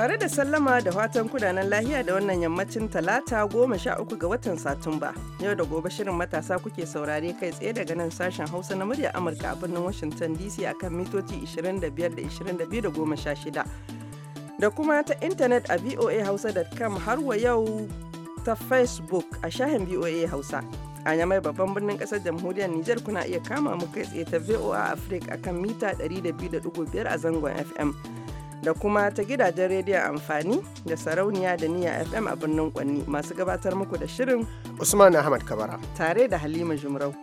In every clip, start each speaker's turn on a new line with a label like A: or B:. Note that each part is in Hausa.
A: Tare da sallama da fatan kudanan lahiya da wannan yammacin talata goma sha uku ga watan Satumba. Yau da gobe shirin matasa kuke saurare kai tsaye daga nan sashen Hausa na murya Amurka a birnin Washington DC akan mitoci 25 da 22 da goma sha shida. Da kuma ta intanet a voa hausa.com har wa yau ta Facebook a shahin VOA Hausa. a yamai babban birnin kasar jamhuriyar niger kuna iya kama mu kai tsaye ta VOA Africa akan mita 102.5 a zangon FM. da kuma ta gidajen rediyon amfani da sarauniya da niyya fm a birnin kwanni masu gabatar muku da shirin usman ahmad kabara tare da
B: halima jumrau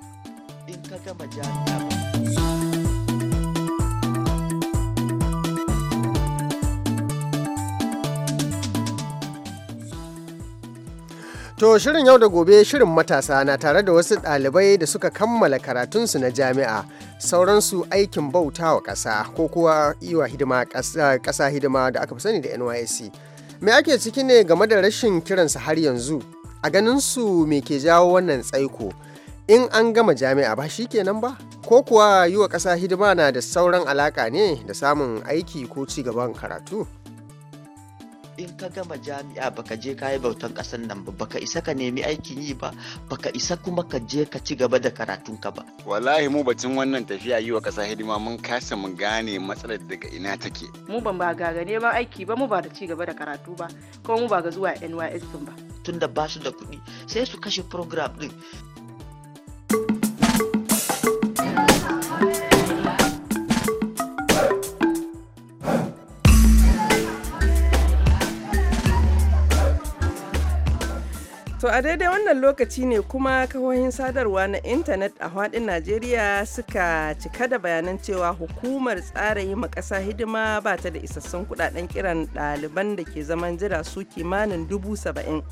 C: To shirin yau da gobe shirin matasa na tare da wasu ɗalibai da suka kammala karatunsu na jami'a sauransu aikin bauta wa ƙasa ko kuwa iwa hidima ƙasa hidima da aka fi sani da nysc me ake ciki ne game da rashin kiransa har yanzu a ganin su me ke jawo wannan tsaiko in an gama jami'a ba shi kenan ba ko kuwa yi wa ƙasa hidima na da sauran alaƙa
B: ne da samun aiki ko ci gaban karatu in ka gama jami'a baka je ka yi bautan ƙasar nan ba baka isa ka nemi aikin yi ba baka isa kuma ka je ka ci gaba da karatun ka ba
D: wallahi mu batun wannan tafiya yi wa ƙasa hidima mun kasa mu gane matsalar daga ina take
E: mu ban ba ga neman aiki ba mu ba da ci gaba da karatu ba kuma mu ba ga zuwa NYS ba tunda ba su da kuɗi sai su kashe program din
A: To a daidai wannan lokaci ne kuma kahohin sadarwa na intanet a faɗin Najeriya suka cika da bayanan cewa hukumar tsara yi ma ƙasa hidima ba ta da isassun kudaden kiran ɗaliban da ke zaman jira su kimanin dubu saba'in.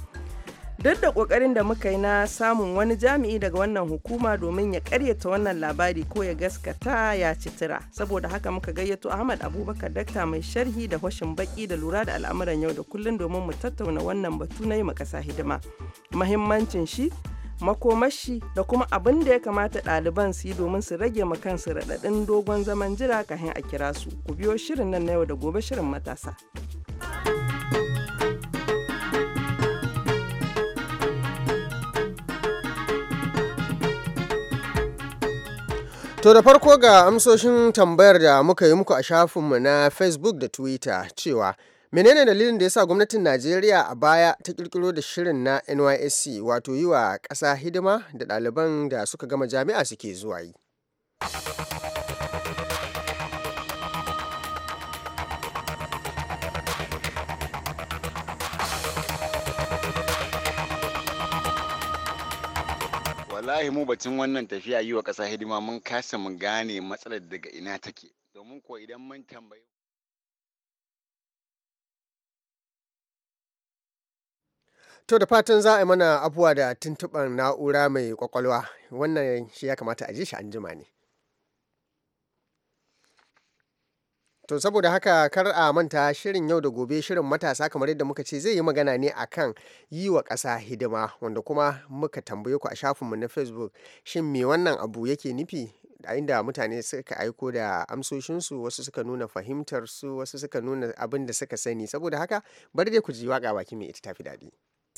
A: duk da kokarin da muka yi na samun wani jami'i daga wannan hukuma domin ya karyata wannan labari ko ya gaskata ya citira saboda haka muka gayyato ahmad abubakar dakta mai sharhi da hoshin baki da lura da al'amuran yau da kullun domin mu tattauna wannan batu na yi kasa hidima mahimmancin shi makomashi da kuma abin da ya kamata ɗaliban su yi domin su rage ma kansu raɗaɗin dogon zaman jira kafin a kira su ku biyo shirin nan na yau da gobe shirin matasa
C: To da farko ga amsoshin tambayar da muka yi muku a shafinmu na Facebook da Twitter cewa menene dalilin da ya sa gwamnatin najeriya a baya ta kirkiro da shirin na nysc wato yi wa ƙasa hidima da ɗaliban da suka gama jami'a suke zuwa yi
D: wallahi mu batun wannan tafiya yi wa ƙasa hidima mun kasa mu gane matsalar daga ina take domin ko idan mun tambayi
C: To da fatan za a yi mana abuwa da tuntuɓar na'ura mai kwakwalwa wannan shi ya kamata a ji shi an jima ne. To saboda haka kar a manta shirin yau da gobe shirin matasa kamar yadda muka ce zai yi magana ne a kan yi wa ƙasa hidima wanda kuma muka tambaye ku a shafinmu na Facebook shin me wannan abu yake nufi a inda mutane suka aiko da amsoshinsu wasu suka nuna fahimtarsu wasu suka nuna abin da suka sani saboda haka bari dai ku ji waka baki mai ita tafi daɗi.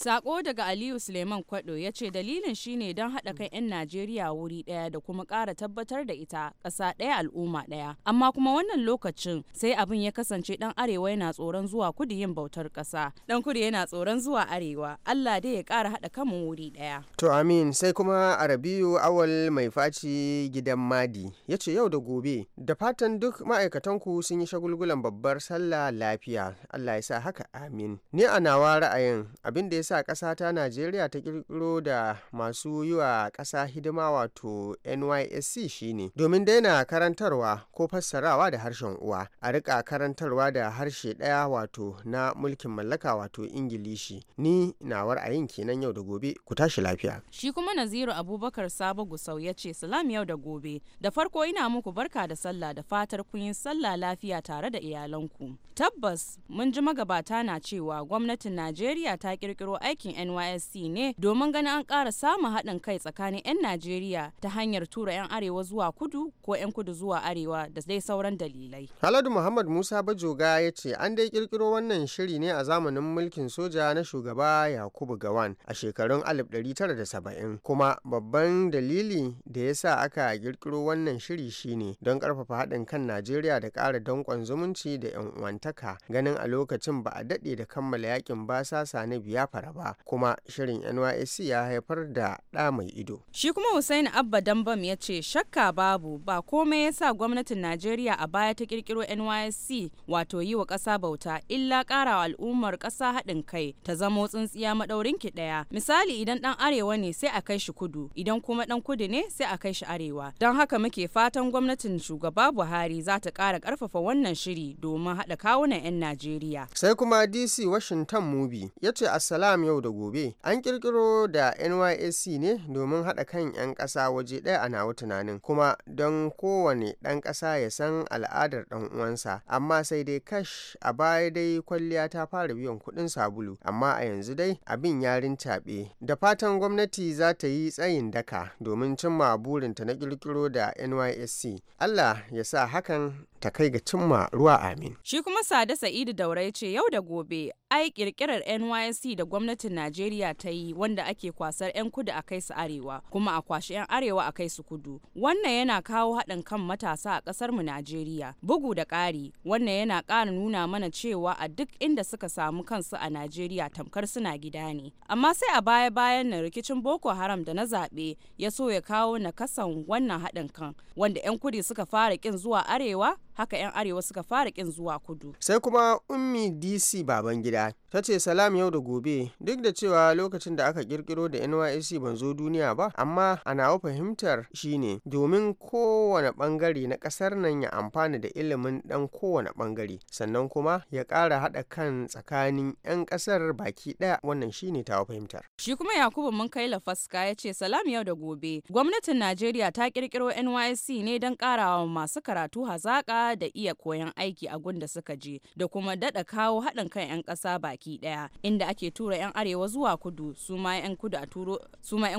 E: Sako daga Aliyu Suleiman Kwado ya ce dalilin shine don haɗa kan 'yan Najeriya wuri ɗaya da kuma ƙara tabbatar da ita ƙasa ɗaya al'umma ɗaya. Amma kuma wannan lokacin sai abin ya kasance ɗan arewa yana tsoron zuwa kudu yin bautar ƙasa. Ɗan kudu yana tsoron zuwa arewa. Allah dai ya ƙara haɗa kanmu wuri ɗaya.
C: To amin sai kuma Arabiyu Awal mai faci gidan Madi ya ce yau da gobe da fatan duk ma'aikatanku sun yi shagulgulan babbar sallah lafiya. Allah ya sa haka amin. Ni a nawa ra'ayin abin da ya yasa ƙasa ta najeriya ta ƙirƙiro da masu yi wa ƙasa hidima wato nysc shine domin daina karantarwa ko fassarawa da harshen uwa a rika karantarwa da harshe ɗaya wato na mulkin mallaka wato ingilishi ni nawar a kenan yau da gobe ku tashi lafiya
E: shi kuma naziru abubakar sabo gusau ya ce salam yau da gobe da farko ina muku barka da sallah da fatar kun yi sallah lafiya tare da iyalanku tabbas mun ji magabata na cewa gwamnatin najeriya ta ƙirƙiro. aikin NYSC ne domin ganin an ƙara samun haɗin kai tsakanin 'yan Najeriya ta hanyar tura 'yan arewa zuwa kudu ko 'yan kudu zuwa arewa da dai sauran dalilai.
C: Haladu Muhammad Musa Bajoga ya ce an dai kirkiro wannan shiri ne a zamanin mulkin soja na shugaba Yakubu Gawan a shekarun 1970 kuma babban dalili da ya sa aka kirkiro wannan shiri shine don ƙarfafa haɗin kan Najeriya da ƙara danƙon zumunci da 'yan uwantaka ganin a lokacin ba a daɗe da kammala yakin basasa na biyafara ba kuma shirin nysc ya haifar da ɗa mai ido
E: shi kuma hussaini abba dambam ya ce shakka babu ba komai ya sa gwamnatin najeriya a baya ta kirkiro nysc wato yi wa ƙasa bauta illa ƙara al'ummar ƙasa haɗin kai ta zamo tsintsiya maɗaurinki ɗaya misali idan ɗan arewa ne sai a kai shi kudu idan kuma ɗan kudu ne sai a kai shi arewa don haka muke fatan gwamnatin shugaba buhari za ta ƙara ƙarfafa wannan shiri domin haɗa kawunan 'yan najeriya
C: sai kuma dc washington mubi ya ce assalamu Na'am yau da gobe an kirkiro da NYSC ne domin haɗa kan 'yan ƙasa waje ɗaya a nawa tunanin kuma don kowane ɗan ƙasa ya san al'adar ɗan uwansa amma sai dai kash a baya dai kwalliya ta fara biyan kuɗin sabulu amma a yanzu dai abin ya rintaɓe da fatan gwamnati za ta yi tsayin daka domin cimma burinta na kirkiro da NYSC Allah ya sa hakan ta kai ga cimma ruwa amin
E: shi kuma Sada Sa'idu Daura ya ce yau da gobe ai kirkirar NYSC da gwamnati gwamnatin Najeriya ta yi wanda ake kwasar 'yan kudu a kai su arewa kuma a kwashe 'yan arewa a kai su kudu. Wannan yana kawo haɗin kan matasa a ƙasar mu Najeriya. Bugu da ƙari wannan yana ƙara nuna mana cewa a duk inda suka samu kansu a Najeriya tamkar suna gida ne. Amma sai a baya-bayan nan rikicin Boko Haram da na zaɓe ya so ya kawo nakasan wannan haɗin kan wanda 'yan kudu suka fara ƙin zuwa arewa haka 'yan arewa suka fara kin zuwa kudu
C: sai kuma ummi dc babangida ta ce salam yau da gobe duk da cewa lokacin da aka kirkiro da nysc ban zo duniya ba amma ana fahimtar shine domin kowane bangare na kasar nan ya amfana da ilimin dan kowane bangare sannan kuma ya kara hada kan tsakanin 'yan kasar baki daya wannan shine tawa fahimtar
E: shi kuma yakubu mun kai lafaska ya ce salam yau da gobe gwamnatin najeriya ta kirkiro nysc ne don karawa masu karatu hazaka da iya koyon aiki a gun da suka je da kuma daɗa kawo haɗin kan 'yan ƙasa baki ɗaya inda ake tura 'yan arewa zuwa kudu su ma 'yan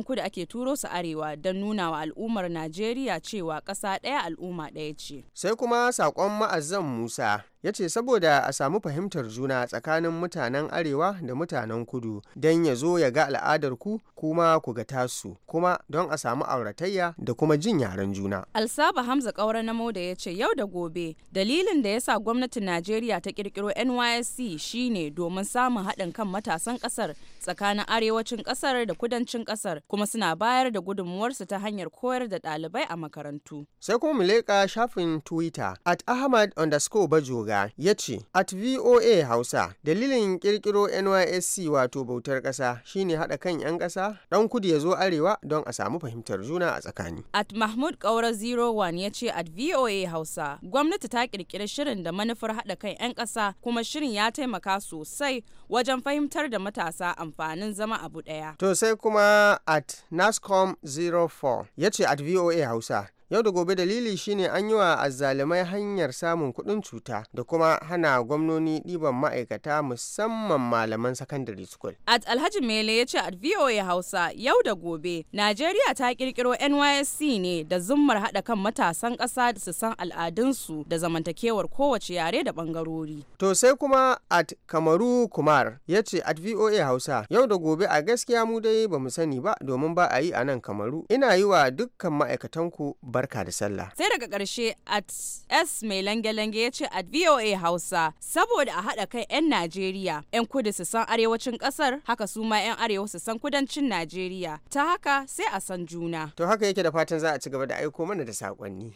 E: kudu ake turo su arewa don nuna wa al'ummar najeriya cewa ƙasa ɗaya al'umma ɗaya ce
C: sai kuma saƙon ma'azan musa ya ce saboda a samu fahimtar juna tsakanin mutanen arewa da mutanen kudu don ya zo ya ga al'adar ku kuma ku ga tasu kuma don a samu auratayya da kuma jin yaren juna
E: alsaba hamza kaura na moda ya ce yau da gobe dalilin da ya sa gwamnatin najeriya ta kirkiro nysc shine domin samun haɗin kan matasan ƙasar tsakanin arewacin ƙasar da kudancin ƙasar kuma suna bayar da gudunmuwarsu ta hanyar koyar da ɗalibai a makarantu
C: sai kuma mu leƙa shafin twitter at ahmad underscore bajo Buga ya ce, At VOA Hausa, dalilin kirkiro NYSC wato bautar ƙasa shine haɗa kan 'yan ƙasa ɗan kudu ya zo arewa don a samu fahimtar juna a tsakani.
E: At Mahmud Kaura 01 ya ce at VOA Hausa, gwamnati ta kirkiri shirin da manufar haɗa kan 'yan ƙasa kuma shirin ya taimaka sosai wajen fahimtar da matasa amfanin zama abu ɗaya.
C: To sai kuma at NASCOM 04 ya ce at VOA Hausa, Yau da gobe dalili shine an yi wa azzalumai hanyar samun kuɗin cuta da kuma hana gwamnoni ɗiban ma'aikata musamman malaman secondary school.
E: At Alhaji Mele ya ce at VOA Hausa yau da gobe Najeriya ta kirkiro NYSC ne da zummar haɗa kan matasan ƙasa su san al'adunsu da zamantakewar kowace yare da ɓangarori.
C: To sai kuma at Kamaru Kumar ya ce at VOA Hausa yau da gobe a gaskiya mu dai ba mu sani ba domin ba a yi a nan Kamaru. Ina yi wa dukkan ma'aikatanku ba barka da sallah.
E: Sai daga ƙarshe at S mai lange-lange ya ce at VOA Hausa saboda a haɗa kai 'yan Najeriya 'yan kudu su san arewacin ƙasar haka su ma 'yan arewa su san kudancin Najeriya ta haka sai a san juna. To
C: haka yake da fatan za a ci gaba da aiko mana da saƙonni.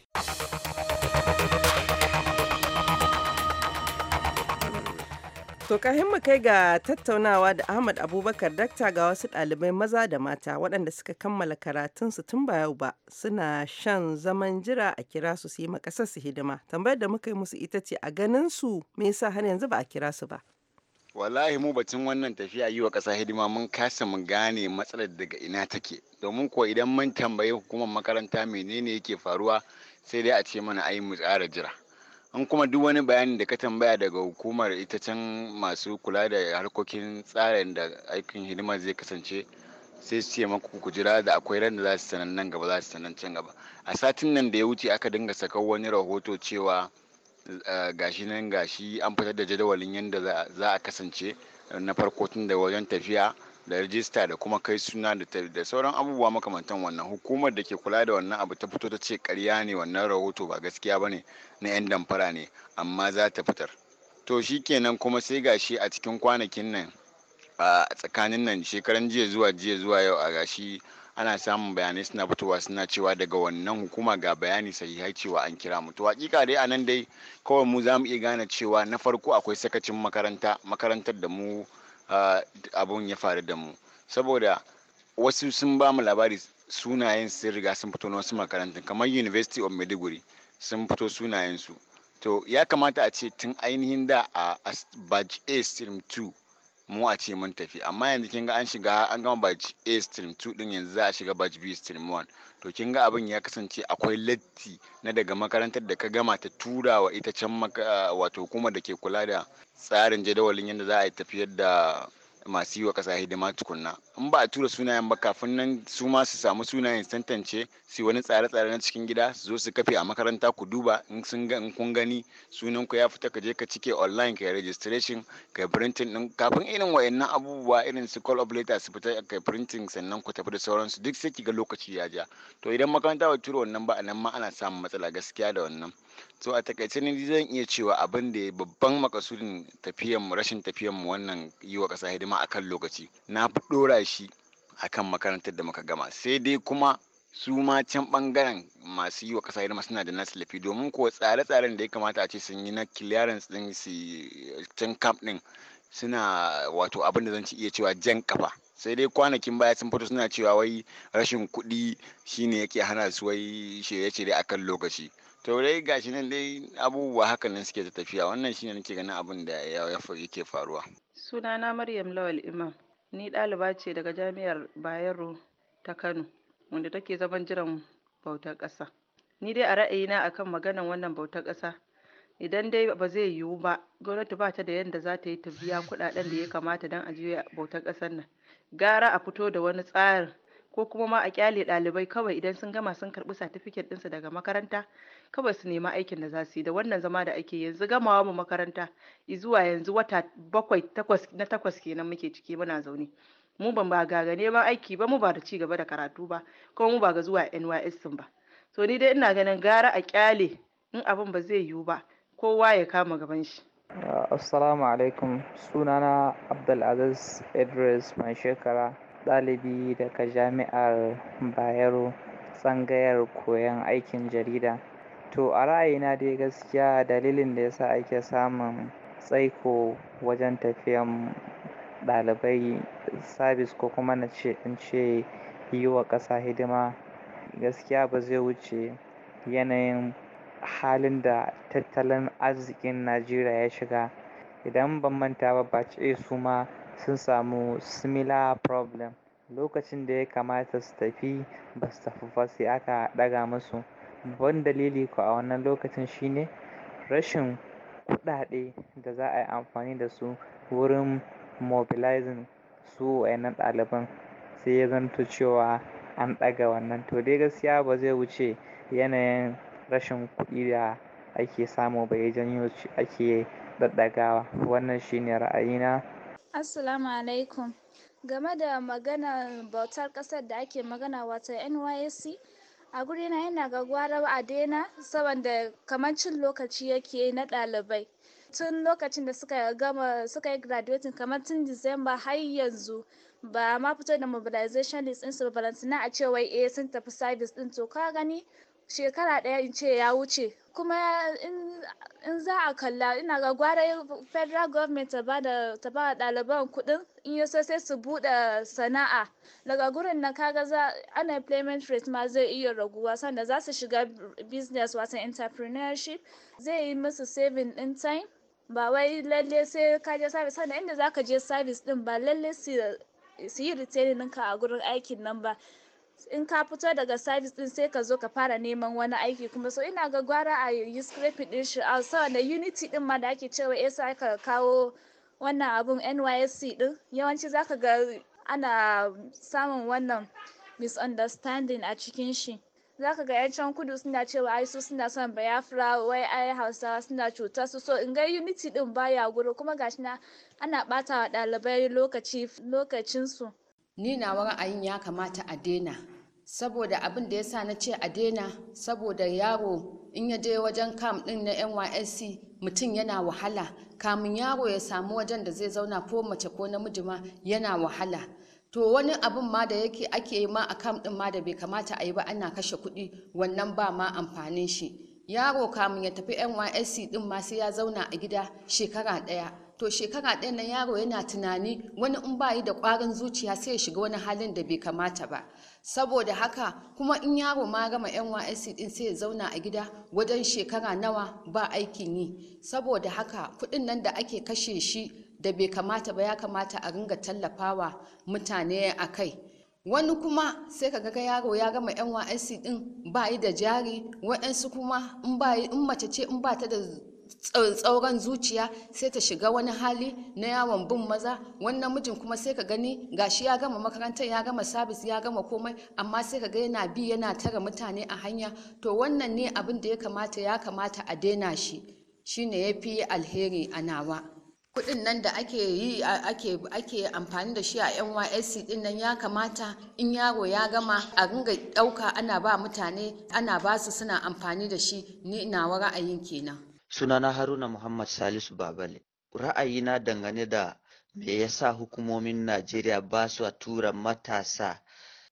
C: To kahin mu kai ga tattaunawa da
A: Ahmad Abubakar dakta ga wasu ɗalibai maza da mata waɗanda suka kammala karatunsu tun ba yau ba suna shan zaman jira a kira su su yi makasar su hidima. Tambayar da muka yi musu ita ce a ganin su me yasa har yanzu ba a kira su ba.
D: Wallahi mu batun wannan tafiya yi wa ƙasa hidima mun kasa mu gane matsalar daga ina take. Domin kuwa idan mun tambayi hukumar makaranta menene yake faruwa sai dai a ce mana ai mu tsara jira. an kuma duk wani bayani da ka tambaya daga hukumar ita can masu kula da harkokin tsarin da aikin hidima zai kasance sai su ce maku ku jira da akwai ran da za su sanan nan gaba za su sanan can gaba a satin nan da ya wuce aka dinga saka wani rahoto cewa eh, gashi nan gashi an fitar da jadawalin yadda za a kasance na farko tun da wajen tafiya da rajista da kuma kai suna da sauran abubuwa makamantan wannan hukumar da ke kula da wannan abu ta fito ta ce karya ne wannan rahoto ba gaskiya ba ne na 'yan damfara ne amma za ta fitar to shi kenan kuma sai gashi a cikin kwanakin nan a tsakanin nan shekaran jiya zuwa jiya zuwa yau a gashi ana samun bayanai suna fitowa suna cewa daga wannan hukuma ga bayani sahihai cewa an kira mu to hakika dai anan dai kawai mu za mu iya gane cewa na farko akwai sakacin makaranta makarantar da mu abun ya faru da mu saboda wasu sun ba mu labari sunayen sun riga sun fito na wasu makarantun kamar university of maiduguri sun fito sunayensu to ya kamata a ce tun ainihin da a badge a stream 2 mu a ce mun tafi amma yanzu kin ga an shiga an gama badge a stream 2 din yanzu za a shiga badge b stream 1 to kin ga abin ya kasance akwai latti na daga makarantar da ka gama ta tura wa ita can wato kuma da ke kula da tsarin jadawalin yadda za a yi tafiyar da masu yi wa ƙasa hidima tukunna in ba a tura sunayen ba kafin nan su ma su samu sunayen tantance su wani tsare-tsare na cikin gida su zo su kafe a makaranta ku duba in sun ga in kun gani sunan ku ya fita ka je ka cike online ka registration ka printing din kafin irin wayannan abubuwa irin su call of letter su fita ka printing sannan ku tafi da sauransu duk sai ki ga lokaci ya ja to idan makaranta ba tura wannan ba anan ma ana samun matsala gaskiya da wannan so a takaice ne zan iya cewa abin da babban makasudin tafiyan rashin tafiyan mu wannan yi wa kasa hidima akan lokaci na fi dora shi kan makarantar da muka gama sai dai kuma su ma can bangaren masu yi wa kasa hidima suna da nasu lafi domin ko tsare-tsaren da ya kamata a ce sun yi na clearance din su can camp din suna wato abin da zan iya cewa jan kafa sai dai kwanakin baya sun fito suna cewa wai rashin kuɗi shine yake hana su wai shirye-shirye akan lokaci to dai gashi nan dai abubuwa haka nan suke ta tafiya wannan shine nake ganin abin da yake faruwa
E: sunana maryam lawal imam Ni ɗaliba ce daga Jami'ar Bayero ta Kano, wanda take zaman jiran bautar ƙasa. Ni dai a ra'ayina akan maganar wannan bautar ƙasa, idan dai ba zai yiwu ba, gwamnati ba ta da yadda za ta yi ta biya kuɗaɗen da ya kamata don a juya bautar ƙasar nan. Gara a fito da wani tsarin ko kuma ma a kyale ɗalibai kawai idan sun gama sun karɓi satifiket ɗinsu daga makaranta kawai su nemi aikin da za su yi da wannan zama da ake yanzu gamawa mu makaranta zuwa yanzu wata bakwai takwas na takwas kenan muke ciki muna zaune mu ban ba ga neman aiki ba mu ba da ci gaba da karatu ba kuma mu ba ga zuwa NYS ba so ni dai ina ganin gara a kyale in abin ba zai yiwu ba kowa ya kama gaban shi
F: assalamu alaikum sunana abdulaziz idris mai shekara ɗalibi daga jami'ar bayero tsangayar koyon aikin jarida To a ra'ayina dai gaskiya dalilin da yasa ake samun tsaiko wajen tafiyan ɗalibai sabis ko kuma na ce in ce yi wa ƙasa hidima gaskiya ba zai wuce yanayin halin da tattalin arzikin Najeriya ya shiga idan ban manta ba ce su ma sun samu similar problem lokacin da ya kamata su tafi ba su tafi ba sai aka ɗaga musu Babban dalili ko a wannan lokacin shine rashin kuɗaɗe da za a yi amfani da su wurin mobilizing su waƴannan ɗaliban sai ya zanto cewa an ɗaga wannan. To dai gaskiya ba zai wuce yanayin rashin kuɗi da ake samu ba ya janyo ake ɗaɗɗagawa. Wannan shi ne ra'ayina.
G: Assalamu alaikum. Game da maganar bautar ƙasar da ake magana wato NYSC. a guri na yana ga gwara a daina saboda kamar cin lokaci yake na ɗalibai tun lokacin da suka gama suka yi graduating kamar tun disamba har yanzu ba ma fito da mobilization list ɗinsu ba balantana a cewa eh sun tafi service ɗin to ka gani shekara ɗaya in ce ya wuce kuma in za a kalla ina ga gwara federal government ta ba da ɗaliban kuɗi in yaso sai su buɗe sana'a daga gurin na kaga za unemployment rate ma zai iya raguwa sanda za su shiga business wasan entrepreneurship zai yi musu saving in time ba wai lalle sai ka service sanda inda za ka je service ɗin ba lalle su yi retaining a gurin aikin nan ba in ka fito daga service din sai ka zo ka fara neman wani aiki kuma so ina ga gwara a yi scraping din shi a ah, da unity din ma da ake cewa ya sa ka kawo wannan abun nysc din yawanci zaka ga ana samun wannan misunderstanding a cikin shi zaka ga 'yancin kudu suna cewa ai su suna son bayafra wai ai hausawa suna cuta su so in ga unity din baya guri kuma gashi na ana bata wa ɗalibai lokaci lokacin su ni na ra'ayin ya kamata a daina saboda abin da ya sa
H: na ce a daina saboda yaro in ya je wajen kam din na nysc mutum yana wahala kamun yaro ya samu wajen da zai zauna ko mace ko namiji ma yana wahala to wani abin ma da yake ake yi ma a kam din ma da bai kamata a yi ba ana kashe kuɗi wannan ba ma amfanin shi yaro kamun ya tafi nysc din ma sai ya zauna a gida shekara ɗaya to shekara ɗaya na yaro yana tunani wani in ba yi da ƙwarin zuciya sai ya shiga wani halin da bai kamata ba saboda haka kuma in yaro ma gama nysc din sai ya zauna a gida wajen shekara nawa ba aikin yi saboda haka kuɗin nan da ake kashe shi da bai kamata ba ya kamata a ringa tallafawa mutane a kai wani kuma sai ka ga yaro ya gama nysc din yi da jari waɗansu kuma in mace ce in ba ta da tsauran zuciya sai ta shiga wani hali na yawon bin maza wani mijin kuma sai ka gani gashi ya gama makarantar ya gama sabis ya gama komai amma sai ka ga yana bi yana tara mutane a hanya to wannan ne abin da ya kamata ya kamata a daina shi shine ya fi alheri a nawa kudin nan da ake yi ake ake amfani da shi a NYSC din nan ya kamata in yaro ya gama a ringa dauka ana ba mutane ana ba su suna amfani da shi ni nawa ra'ayin kenan
B: Sunana Haruna Muhammad Salisu Babale. Ra'ayina dangane da me yasa hukumomin Najeriya ba su a tura matasa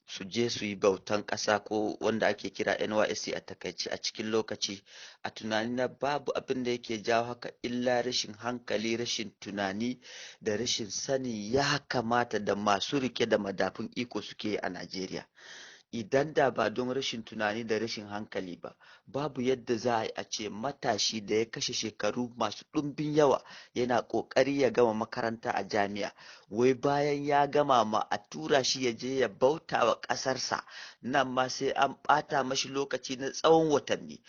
B: su je su yi bautan ƙasa ko wanda ake kira NYSC a takaici a cikin lokaci a tunani na babu abin da yake jawo haka illa rashin hankali rashin tunani da rashin sani ya kamata da masu rike da madafun iko suke a Najeriya. Idan da ba don rashin tunani da rashin hankali ba, babu yadda za a ce matashi da ya kashe shekaru masu ɗumbin yawa yana ƙoƙari ya gama makaranta a jami'a, wai bayan ya gama ma a tura shi ya je ya bauta wa ƙasarsa, nan ma sai an ɓata mashi lokaci na tsawon watanni.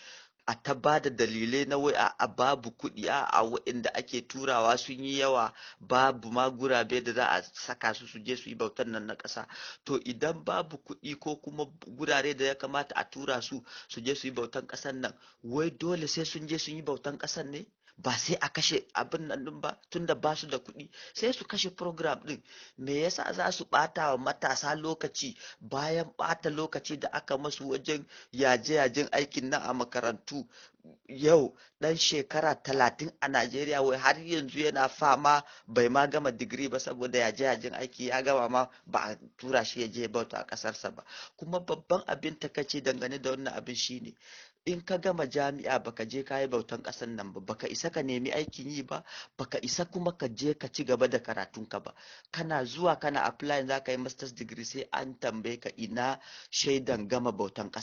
B: a ta ba da dalilai na wai a babu kuɗi a waɗanda ake turawa sun yi yawa babu ma gurabe da za a saka su su je su yi bautar nan na ƙasa to idan babu kuɗi ko kuma gurare da ya kamata a tura su su je su yi bautan ƙasar nan wai dole sai sun je sun yi bautan ƙasar ne ba sai a kashe abin nan ba tun da ba su da kuɗi sai su kashe program ɗin? me yasa za su ɓata wa matasa lokaci bayan ɓata lokaci da aka masu wajen yaje-yajen aikin nan a makarantu mutu yau dan shekara talatin a Najeriya wai har yanzu yana fama bai ma gama digiri ba saboda ya je yajin aiki ya gama ma ba a tura shi ya je bauta a ƙasarsa ba kuma babban abin takaici dangane da wannan abin shine in ka gama jami'a baka je ka yi bautan ƙasar nan ba baka isa ka nemi aikin yi ba baka isa kuma ka je ka ci gaba da karatunka ba kana zuwa kana apply za ka yi masters degree sai an tambaye ka ina shaidan gama bautan ka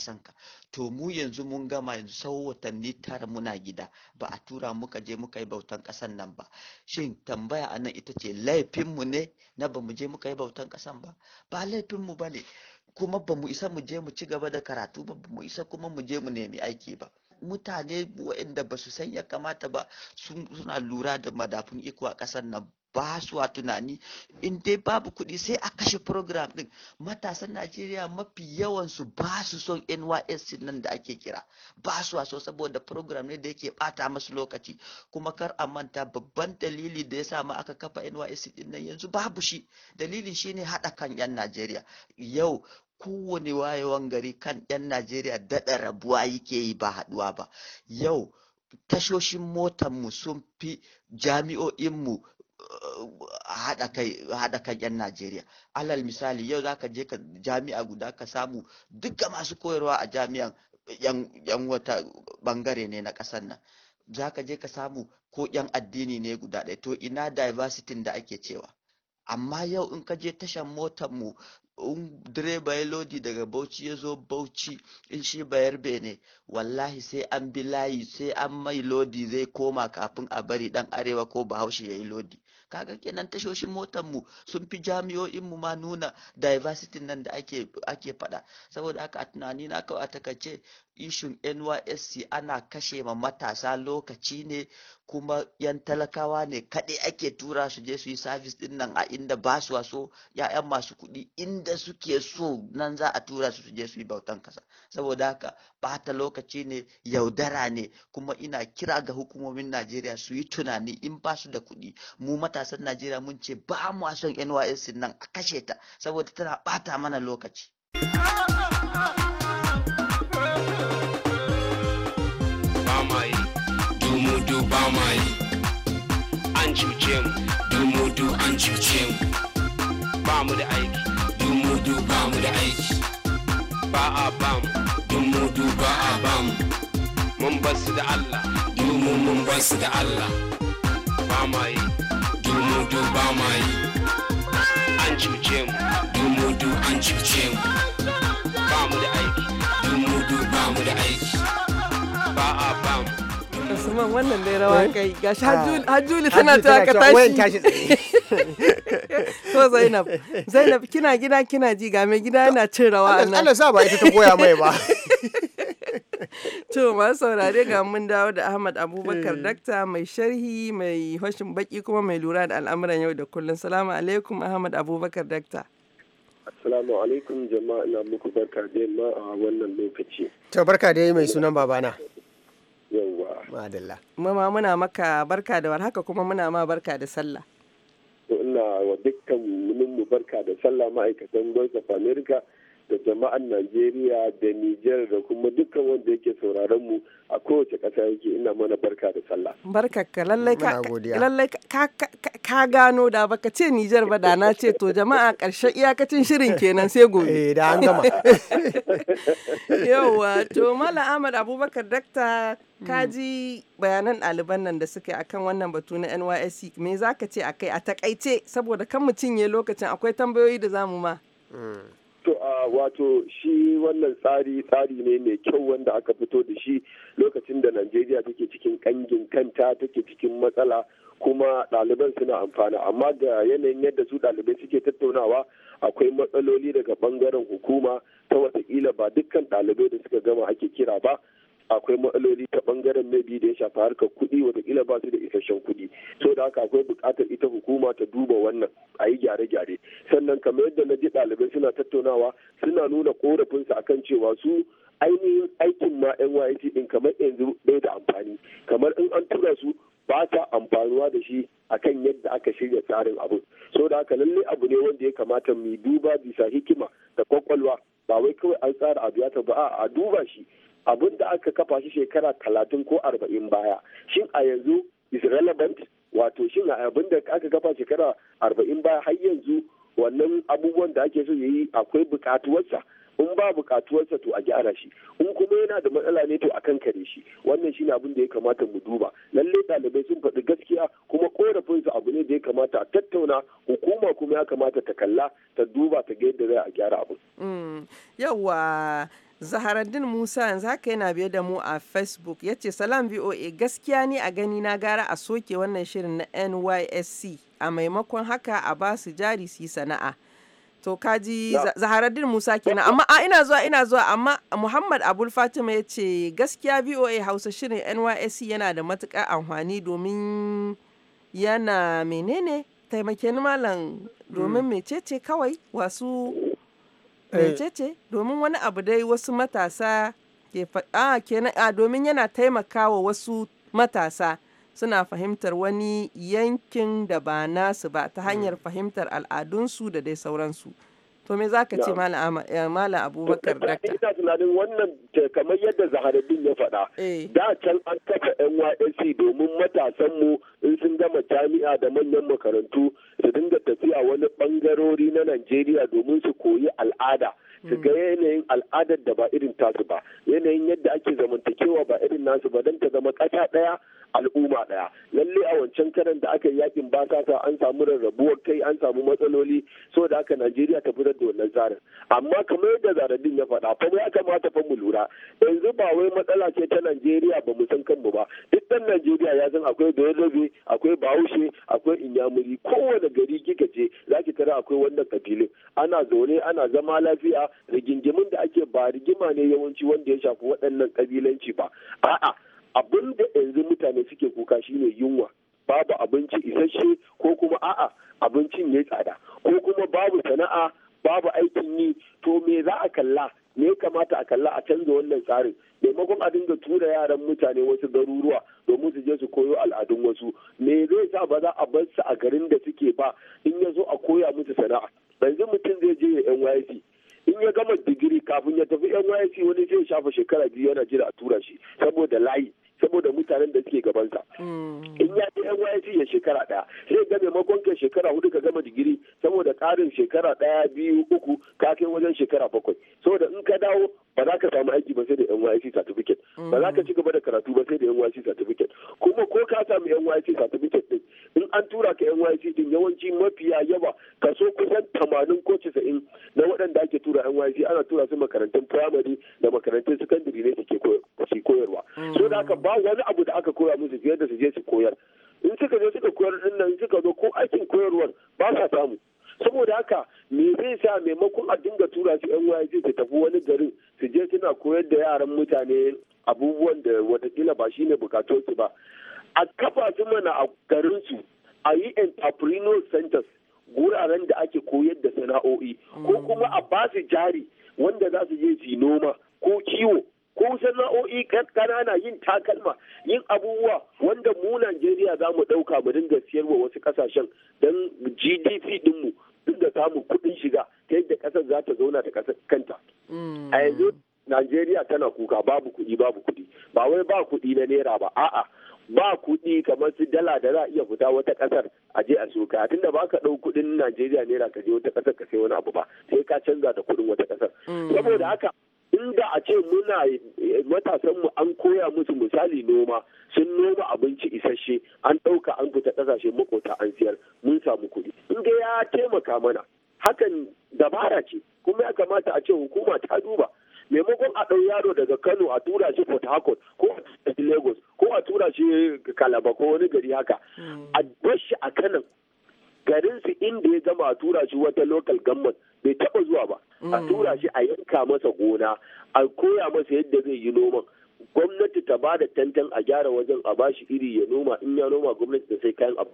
B: to mu yanzu mun gama yanzu sau watanni tara muna gida ba a tura muka je muka yi bautan ƙasan nan ba shin tambaya anan ita ce laifinmu ne na ba mu je muka yi bautan ƙasan ba ba laifinmu ba ne kuma ba mu isa mu je mu ci gaba da karatu ba mu isa kuma mu je mu nemi aiki ba mutane waɗanda ba su san ya kamata ba suna lura da madafun iko a ƙasar nan ba su tunani in dai babu kuɗi sai a kashe program ɗin matasan najeriya mafi yawan su ba su son nysc nan da ake kira ba su so saboda program ne da yake bata masu lokaci kuma kar a manta babban dalili da ya sa ma aka kafa nysc ɗin nan yanzu babu shi dalilin shi ne haɗa kan 'yan najeriya yau kowane wayewan gari kan 'yan najeriya daɗa rabuwa yake yi ba haɗuwa ba yau tashoshin motanmu sun fi jami'o'inmu haɗa kai kan 'yan Najeriya alal misali yau za ka je ka jami'a guda ka samu duka masu koyarwa a jami'an yan wata bangare ne na ƙasar nan za ka je ka samu ko 'yan addini ne guda ɗaya to ina diversity da ake cewa amma yau in ka je tashan motar mu in direba ya lodi daga bauchi ya zo bauchi in shi bayarbe ne wallahi sai an bi layi sai an mai lodi zai koma kafin a bari dan arewa ko bahaushe ya yi lodi kaga kenan tashoshin motar mu sun fi jami'o'in mu ma nuna diversity nan da ake ake faɗa saboda haka a tunani na kawai a takaice ishin nysc ana kashe ma matasa lokaci ne kuma yan talakawa ne kaɗai ake tura su je su yi sabis din nan a inda ba su so ya'yan masu kuɗi inda suke so nan za a tura su su je su yi bautan kasa saboda haka ta lokaci ne yaudara ne kuma ina kira ga hukumomin najeriya su yi tunani in ba su da kuɗi mu matasan najeriya mun ce ba mu son nysc nan a kashe ta saboda tana ɓata mana lokaci
D: cuce mu dumudu an cuce mu da aiki dumudu ba mu da aiki ba a ba mu
I: dumudu ba a ba mun basu da Allah dumu mun basu da Allah ba yi dumudu ba ma yi an
D: cuce mu dumudu an cuce mu da aiki dumudu ba mu da aiki
F: ba a ba mu
A: usman wannan dai rawa eh? kai gashi hajjuli ah. tana ta ka tashi to zainab zainab kina gida kina ji ga mai gida yana cin rawa nan Allah sa ba ita ta goya mai ba to masu saurare ga mun dawo da Ahmad Abubakar eh. dakta mai sharhi mai hashin baki kuma mai lura da al'amuran yau da kullum. Salamu alaikum Ahmad Abubakar
C: dakta.
I: Assalamu alaikum jama'a ina muku barka dai ma a wannan lokaci.
C: To barka dai mai sunan babana. madalla mama muna maka
A: barka da warhaka kuma muna ma barka da sallah
I: ina wa dukkan mu barka da sallah ma'aikatan voice of america da jama'an Najeriya da Nijar da kuma dukkan wanda yake sauraron mu a kowace ƙasa yake ina mana barka da sallah.
A: Barka ka lallai ka ka gano da baka ce Nijar ba da na ce to jama'a karshe iyakacin shirin kenan sai gobe. Eh da an gama. Yawwa to Mala Ahmad Abubakar Dakta kaji hmm. bayanan ɗaliban nan da suka yi akan wannan batu na NYSC me zaka ce akai a takaice saboda kan mu cinye lokacin akwai tambayoyi da zamu ma.
I: Hmm. wato shi wannan tsari tsari ne mai kyau wanda aka fito da shi lokacin da najeriya take cikin kangin kanta take cikin matsala kuma ɗaliban suna amfana amma ga yanayin yadda su ɗalibai suke tattaunawa akwai matsaloli daga ɓangaren hukuma ta watakila ba dukkan ɗalibai da suka gama ake kira ba akwai matsaloli ta bangaren biyu da ya shafi harkar kuɗi watakila ba su da isasshen kuɗi so da haka akwai buƙatar ita hukuma ta duba wannan a yi gyare-gyare sannan kamar yadda na ji ɗalibai suna tattaunawa suna nuna korafinsu akan cewa su ainihin aikin ma NYC din kamar yanzu bai da amfani kamar in an tura su ba ta amfanuwa da shi akan yadda aka shirya tsarin abu so da haka lalle abu ne wanda ya kamata mu duba bisa hikima da kwakwalwa ba wai kawai an tsara abu ya ba a duba shi abin da aka kafa shi shekara talatin ko arba'in baya shin a yanzu is relevant wato shin abin da aka kafa shekara arba'in baya har yanzu wannan abubuwan da ake so ya yi akwai bukatuwarsa in ba bukatuwarsa to a gyara shi in kuma yana da matsala ne to a kan kare shi wannan shine abin da ya kamata mu duba lalle ɗalibai sun faɗi gaskiya kuma korafin su abu ne da ya kamata a tattauna hukuma kuma ya kamata ta kalla ta duba ta ga yadda za a gyara abin.
A: Mm. yawwa Zaharaddin Musa yanzu haka yana biye da mu a Facebook ya ce salam VOA gaskiya ne a gani na gara a soke wannan shirin na NYSC a maimakon haka a ba su jari su sana'a. To kaji Zaharaddin Musa kenan amma a ina zuwa ina zuwa amma Muhammad Abul Fatima ya ce gaskiya VOA Hausa shirin NYSC yana da matuƙar amfani domin yana menene taimake malam mm. domin mecece kawai wasu Eh. mecece domin wani abu dai wasu matasa ke a domin yana taimakawa wasu matasa suna fahimtar wani yankin da ba nasu ba ta mm. hanyar fahimtar al'adunsu da dai sauransu. To me zaka ce eh, Malam Abubakar eh, eh, Dakta?
I: Ina tunanin wannan kamar yadda Zaharuddin ya faɗa. Da can an kafa NYSC domin matasan mu in sun gama jami'a da manyan makarantu su dinga tafiya wani bangarori na Najeriya domin su koyi al'ada. su ga yanayin al'adar da ba irin tasu ba yanayin yadda ake zamantakewa ba irin nasu ba don ta zama kasa daya al'umma daya lalle a wancan karan da aka yi yakin basasa an samu rarrabuwar kai an samu matsaloli so da aka najeriya ta fitar da wannan tsarin amma kamar yadda zaradin ya faɗa fa ya kamata fa mu lura yanzu ba wai matsala ce ta najeriya ba mu san kanmu ba duk dan najeriya ya san akwai bayelove akwai bahaushe akwai inyamuri kowane gari kika je za ki tara akwai wannan kabilin ana zaune ana zama lafiya rigingimin da ake ba rigima ne yawanci wanda ya shafi waɗannan ƙabilanci ba a'a abin da yanzu mutane suke kuka shine yunwa babu abinci isasshe ko kuma a'a abincin ya tsada ko kuma babu sana'a babu aikin yi to me za a kalla me ya kamata a kalla a canza wannan tsarin maimakon a dinga tura yaran mutane wasu garuruwa domin su je su koyo al'adun wasu me zai sa ba za a bar su a garin da suke ba in ya zo a koya musu sana'a kafin ya tafi nyc wani zai shafa shekara biyu yana jira a tura shi saboda layi saboda mutanen da suke gabansa mm. in ya je nyc ya shekara ɗaya sai ga maimakon ka shekara hudu ka gama digiri saboda karin shekara daya biyu uku ka kai wajen shekara bakwai saboda in ka dawo ba za ka samu aiki ba sai da NYC certificate ba za ka mm. ci gaba da karatu ba sai da NYC certificate kuma ko ka samu NYC certificate din an tura ka NYC din yawanci mafiya yawa kaso kusan tamanin ko casa'in na waɗanda ake tura NYC ana tura su makarantun firamare da makarantun sakandare ne suke koyarwa. So da haka ba wani abu da aka koya musu fiye da su je su koyar. In suka je suka koyar din nan suka zo ko aikin koyarwar ba sa samu. saboda haka me zai sa maimakon a dinga tura su NYC su tafi wani garin su je suna koyar da yaran mutane abubuwan da watakila ba shine su ba a kafa su mana a garinsu a yi entrepreneurial centers guraren da ake koyar da sana'o'i ko kuma a ba su jari wanda za su je su noma ko kiwo ko sana'o'i kanana yin takalma yin abubuwa wanda mu Najeriya za mu ɗauka mu dinga wa wasu ƙasashen don GDP dinmu dinga samu kuɗin shiga ta yadda ƙasar za ta zauna ta kanta. A yanzu Najeriya tana kuka babu kuɗi babu kuɗi ba wai ba kuɗi na naira ba a'a ba kuɗi kamar su dala da za a iya fita wata ƙasar a je a siyo tunda ba ka ɗau kuɗin Najeriya naira ka je wata ƙasar ka sai wani abu ba sai ka canza da kuɗin wata ƙasar mm. saboda haka in da a ce muna matasan mu an koya musu misali noma sun noma abinci isasshe an ɗauka an fita ƙasashe makota an siyar mun samu kuɗi in ya taimaka mana hakan dabara ce kuma ya kamata a ce hukuma ta duba maimakon a ɗau yaro daga kano a tura shi port harcourt ko a tura shi lagos ko a tura shi kalaba ko wani gari haka hmm. a bar shi a kanan garin su inda ya zama a tura shi wata local government bai taɓa zuwa ba a hmm. tura shi a yanka masa gona a koya masa yadda zai yi noman gwamnati ta bada tantan a gyara wajen a bashi iri ya noma in ya noma gwamnati ta sai kayan abu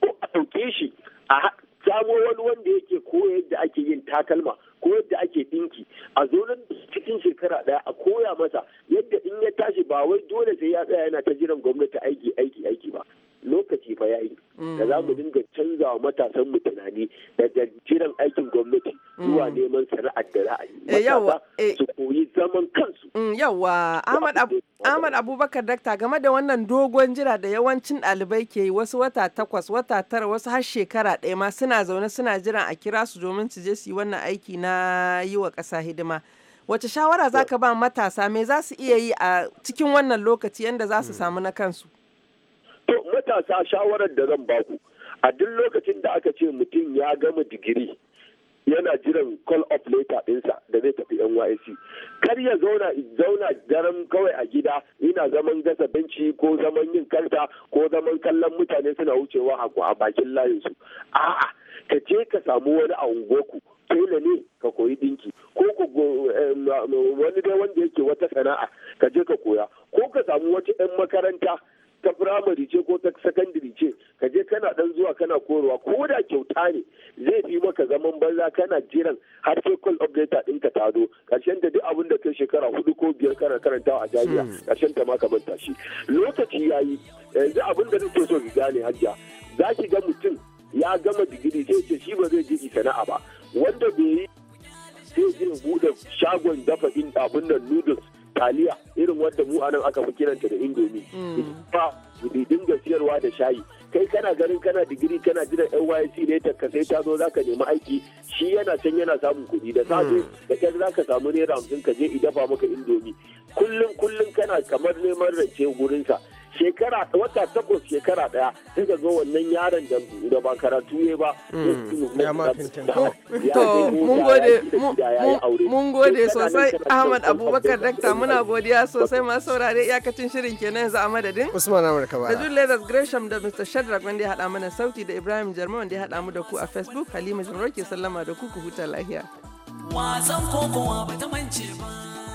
I: ko a ɗauke shi a samo wani wanda yake koya yadda ake yin takalma ko yadda ake dinki a zonan cikin shekara daya a koya masa yadda in ya tashi ba wai dole sai ya tsaya yana ta jiran gwamnati aiki aiki aiki ba lokaci fa yayi da za mu mm. dinga canza wa matasan mu tunani jiran aikin gwamnati zuwa mm. neman sana'ar da ra'ayi eh, yawa eh. su koyi zaman kansu mm,
A: yawa Ahmad Abubakar Dakta game da wannan dogon jira da yawancin ɗalibai ke yi wasu wata takwas wata tara wasu har shekara ɗaya ma suna zaune suna jiran a kira su domin su je su yi wannan aiki na yi wa ƙasa hidima. Wace shawara za ka ba matasa me za su iya yi a cikin wannan lokaci yadda za su samu na kansu?
I: to matasa shawarar da zan baku a duk lokacin da aka ce mutum ya gama digiri yana jiran call of later ɗinsa da zai tafi NYSC. Kar ya zauna zauna daren kawai a gida ina zaman gasa benci ko zaman yin karta ko zaman kallon mutane suna wucewa haku a bakin layinsu. A'a, ka je ka samu wani a unguwarku tela ne ka koyi dinki ko wani dai wanda yake wata sana'a ka je ka koya ko ka samu wata 'yan makaranta ta firamare ce ko ta sakandiri ce ka je kana dan zuwa kana korowa ko da kyauta ne zai fi maka zaman banza kana jiran har sai call data din ka tado karshen da duk abin da kai shekara hudu ko biyar kana karanta a jami'a hmm. karshen ta ma ka manta shi lokaci yayi yanzu abin da nake so ki gane hajja za ki ga mutum ya gama digiri sai ce shi ba zai je sana'a ba wanda bai yi sai zai bude shagon dafa din abin da noodles taliya irin wadda mu anan aka fi kiranta da indomi mm. ba da dinga siyarwa da shayi kai kana ganin kana digiri kana jiran NYC ne ta kasai ta zo zaka nemi aiki shi yana can yana samun kuɗi da safe mm. da kyar zaka samu naira hamsin ka je i dafa maka indomi kullum kullum kana kamar neman rance sa shekara wata takwas shekara daya sai ka zo wannan yaron da ba karatu mm. ya ba mun gode
A: sosai ahmad abubakar dakta muna godiya sosai masu saurare iyakacin shirin kenan yanzu a madadin
C: usman amurka ba da
A: jule da gresham da mr shadrack wanda ya haɗa mana sauti da ibrahim jarman wanda ya haɗa mu da ku a facebook halima jimroke sallama da ku ku huta lahiya wasan kokowa ba ta mance ba